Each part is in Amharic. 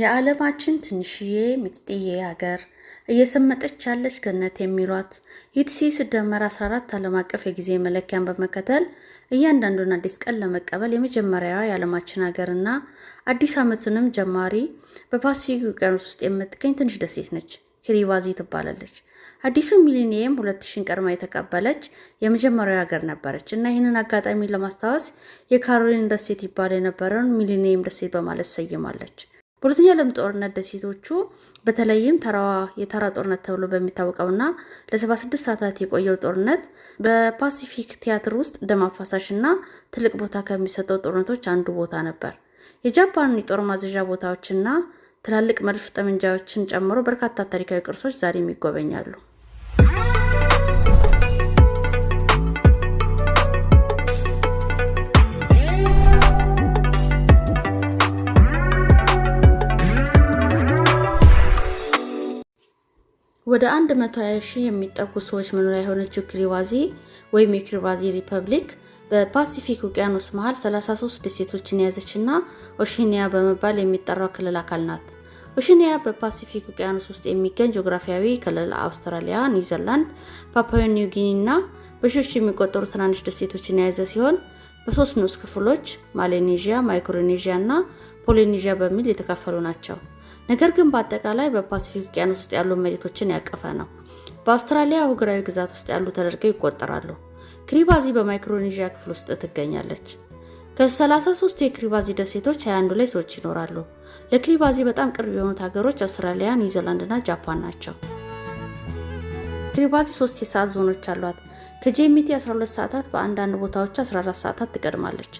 የዓለማችን ትንሽዬ ሚጥጥዬ ሀገር እየሰመጠች ያለች ገነት የሚሏት ዩቲሲ ስደመር 14 ዓለም አቀፍ የጊዜ መለኪያን በመከተል እያንዳንዱን አዲስ ቀን ለመቀበል የመጀመሪያዋ የዓለማችን ሀገርና አዲስ ዓመትንም ጀማሪ በፓሲፊክ ውቅያኖስ ውስጥ የምትገኝ ትንሽ ደሴት ነች። ኪሪባዚ ትባላለች። አዲሱ ሚሊኒየም ሁለት ሺን ቀድማ የተቀበለች የመጀመሪያው ሀገር ነበረች እና ይህንን አጋጣሚ ለማስታወስ የካሮሊን ደሴት ይባል የነበረውን ሚሊኒየም ደሴት በማለት ሰይማለች። በሁለተኛ ዓለም ጦርነት ደሴቶቹ በተለይም ተራዋ የተራ ጦርነት ተብሎ በሚታወቀውና ለ76 ሰዓታት የቆየው ጦርነት በፓሲፊክ ቲያትር ውስጥ ደም አፋሳሽና ትልቅ ቦታ ከሚሰጠው ጦርነቶች አንዱ ቦታ ነበር። የጃፓን የጦር ማዘዣ ቦታዎችና ትላልቅ መድፍ ጠመንጃዎችን ጨምሮ በርካታ ታሪካዊ ቅርሶች ዛሬም ይጎበኛሉ። ወደ 120 ሺህ የሚጠጉ ሰዎች መኖሪያ የሆነችው ክሪባዚ ወይም የክሪባዚ ሪፐብሊክ በፓሲፊክ ውቅያኖስ መሀል 33 ደሴቶችን የያዘችና ኦሺኒያ በመባል የሚጠራው ክልል አካል ናት። ኦሺኒያ በፓሲፊክ ውቅያኖስ ውስጥ የሚገኝ ጂኦግራፊያዊ ክልል አውስትራሊያ፣ ኒውዚላንድ፣ ፓፓዮ ኒው ጊኒ እና በሺዎች የሚቆጠሩ ትናንሽ ደሴቶችን የያዘ ሲሆን በሶስት ንዑስ ክፍሎች ማሌኔዥያ፣ ማይክሮኔዥያ እና ፖሊኔዥያ በሚል የተከፈሉ ናቸው። ነገር ግን በአጠቃላይ በፓሲፊክ ውቅያኖስ ውስጥ ያሉ መሬቶችን ያቀፈ ነው። በአውስትራሊያ አህጉራዊ ግዛት ውስጥ ያሉ ተደርገው ይቆጠራሉ። ክሪባዚ በማይክሮኔዥያ ክፍል ውስጥ ትገኛለች። 33 የክሪባዚ ደሴቶች 21 ላይ ሰዎች ይኖራሉ። ለክሪባዚ በጣም ቅርብ የሆኑት ሀገሮች አውስትራሊያ፣ ኒውዚላንድ እና ጃፓን ናቸው። ክሪባዚ ሶስት የሰዓት ዞኖች አሏት። ከጄሚቲ 12 ሰዓታት በአንዳንድ ቦታዎች 14 ሰዓታት ትቀድማለች።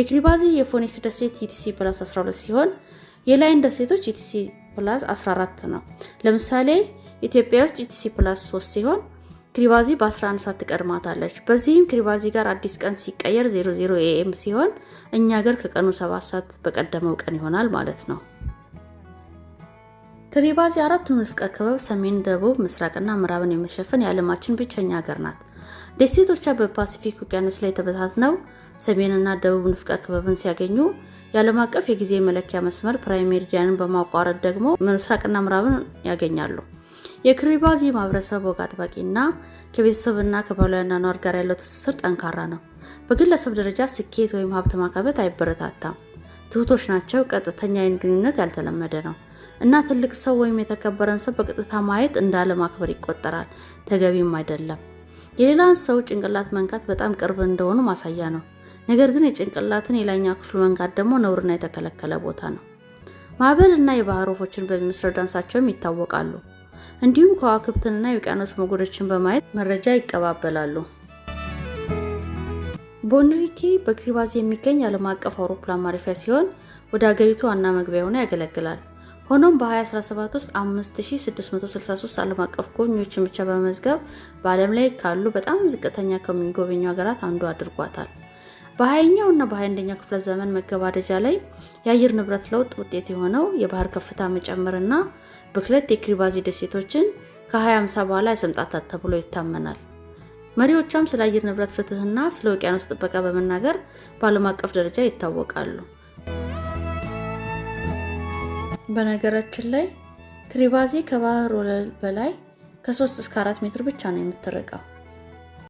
የክሪባዚ የፎኒክስ ደሴት ዩቲሲ ፕላስ 12 ሲሆን የላይ እንደ ሴቶች ኢቲሲ ፕላስ 14 ነው። ለምሳሌ ኢትዮጵያ ውስጥ ኢቲሲ ፕላስ 3 ሲሆን ክሪባዚ በ11 ሰዓት ትቀድማታለች። በዚህም ክሪባዚ ጋር አዲስ ቀን ሲቀየር 00 ኤኤም ሲሆን እኛ ገር ከቀኑ 7 ሰዓት በቀደመው ቀን ይሆናል ማለት ነው። ክሪባዚ አራቱን ንፍቀ ክበብ ሰሜን፣ ደቡብ፣ ምስራቅና ምዕራብን የመሸፈን የዓለማችን ብቸኛ ሀገር ናት። ደሴቶቿ በፓሲፊክ ውቅያኖስ ላይ ተበታትነው ሰሜንና ደቡብ ንፍቀ ክበብን ሲያገኙ የዓለም አቀፍ የጊዜ መለኪያ መስመር ፕራይም ሜሪዲያንን በማቋረጥ ደግሞ ምስራቅና ምዕራብን ያገኛሉ። የክሪባዚ ማህበረሰብ ወግ አጥባቂና ከቤተሰብና ከባህላዊና ኗር ጋር ያለው ትስስር ጠንካራ ነው። በግለሰብ ደረጃ ስኬት ወይም ሀብት ማካበት አይበረታታም። ትሁቶች ናቸው። ቀጥተኛ ዓይን ግንኙነት ያልተለመደ ነው እና ትልቅ ሰው ወይም የተከበረን ሰው በቀጥታ ማየት እንደ አለማክበር ይቆጠራል፣ ተገቢም አይደለም። የሌላን ሰው ጭንቅላት መንካት በጣም ቅርብ እንደሆኑ ማሳያ ነው። ነገር ግን የጭንቅላትን የላይኛው ክፍል መንካት ደግሞ ነውርና የተከለከለ ቦታ ነው። ማዕበል እና የባህር ወፎችን በሚመስል ዳንሳቸውም ይታወቃሉ። እንዲሁም ከዋክብትንና የውቅያኖስ ሞገዶችን በማየት መረጃ ይቀባበላሉ። ቦንሪኪ በክሪባዝ የሚገኝ ዓለም አቀፍ አውሮፕላን ማረፊያ ሲሆን ወደ አገሪቱ ዋና መግቢያ ሆኖ ያገለግላል። ሆኖም በ2017 ውስጥ 5663 ዓለም አቀፍ ጎብኚዎችን ብቻ በመዝገብ በዓለም ላይ ካሉ በጣም ዝቅተኛ ከሚጎበኙ ሀገራት አንዱ አድርጓታል። በ 20 እና ክፍለ ዘመን መገባደጃ ላይ የአየር ንብረት ለውጥ ውጤት የሆነው የባህር ከፍታ መጨመርና ብክለት የክሪባዚ ደሴቶችን ከ2050 በኋላ ያሰምጣታት ተብሎ ይታመናል። መሪዎቿም ስለ አየር ንብረት ፍትህና ስለ ውቅያኖስ ጥበቃ በመናገር በዓለም አቀፍ ደረጃ ይታወቃሉ። በነገራችን ላይ ክሪባዚ ከባህር ወለል በላይ ከ3 እስከ 4 ሜትር ብቻ ነው የምትርቀው።